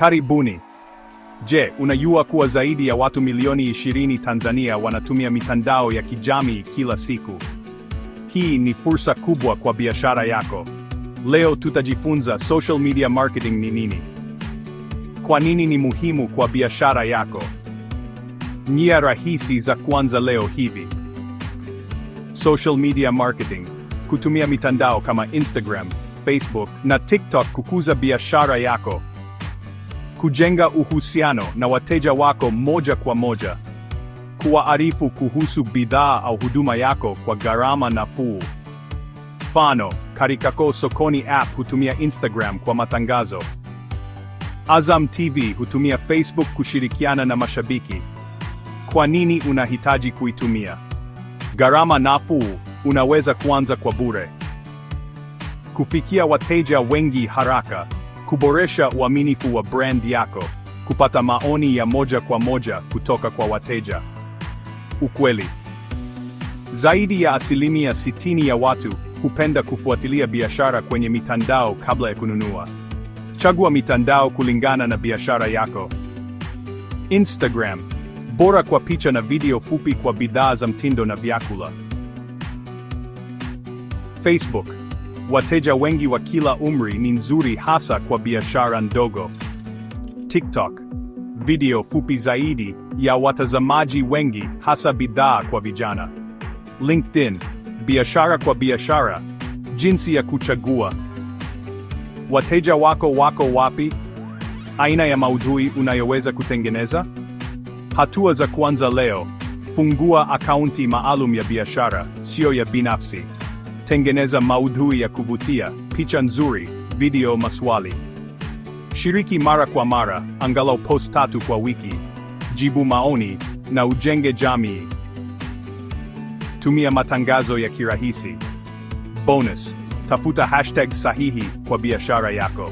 Karibuni. Je, unajua kuwa zaidi ya watu milioni 20 Tanzania wanatumia mitandao ya kijamii kila siku? Hii ni fursa kubwa kwa biashara yako. Leo tutajifunza social media marketing ni nini, kwa nini ni muhimu kwa biashara yako, njia rahisi za kuanza leo hivi. Social media marketing: kutumia mitandao kama Instagram, Facebook na TikTok kukuza biashara yako kujenga uhusiano na wateja wako moja kwa moja, kuwaarifu kuhusu bidhaa au huduma yako kwa gharama nafuu. Mfano, Kariakoo Sokoni app hutumia Instagram kwa matangazo. Azam TV hutumia Facebook kushirikiana na mashabiki. Kwa nini unahitaji kuitumia? Gharama nafuu, unaweza kuanza kwa bure. Kufikia wateja wengi haraka kuboresha uaminifu wa brand yako, kupata maoni ya moja kwa moja kutoka kwa wateja. Ukweli, zaidi ya asilimia 60 ya watu hupenda kufuatilia biashara kwenye mitandao kabla ya kununua. Chagua mitandao kulingana na biashara yako. Instagram, bora kwa picha na video fupi kwa bidhaa za mtindo na vyakula. Facebook wateja wengi wa kila umri ni nzuri hasa kwa biashara ndogo. TikTok, video fupi zaidi ya watazamaji wengi hasa bidhaa kwa vijana. LinkedIn, biashara kwa biashara, jinsi ya kuchagua. Wateja wako wako wapi? Aina ya maudhui unayoweza kutengeneza? Hatua za kwanza leo. Fungua akaunti maalum ya biashara, sio ya binafsi tengeneza maudhui ya kuvutia, picha nzuri, video, maswali. Shiriki mara kwa mara, angalau post tatu kwa wiki. Jibu maoni na ujenge jamii. Tumia matangazo ya kirahisi. Bonus, tafuta hashtag sahihi kwa biashara yako.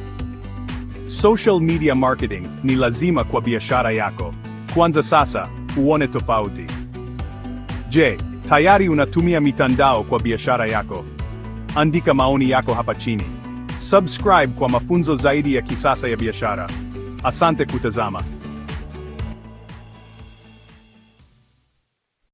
Social media marketing ni lazima kwa biashara yako. Kwanza sasa, uone tofauti. Je, Tayari unatumia mitandao kwa biashara yako? Andika maoni yako hapa chini. Subscribe kwa mafunzo zaidi ya kisasa ya biashara. Asante kutazama.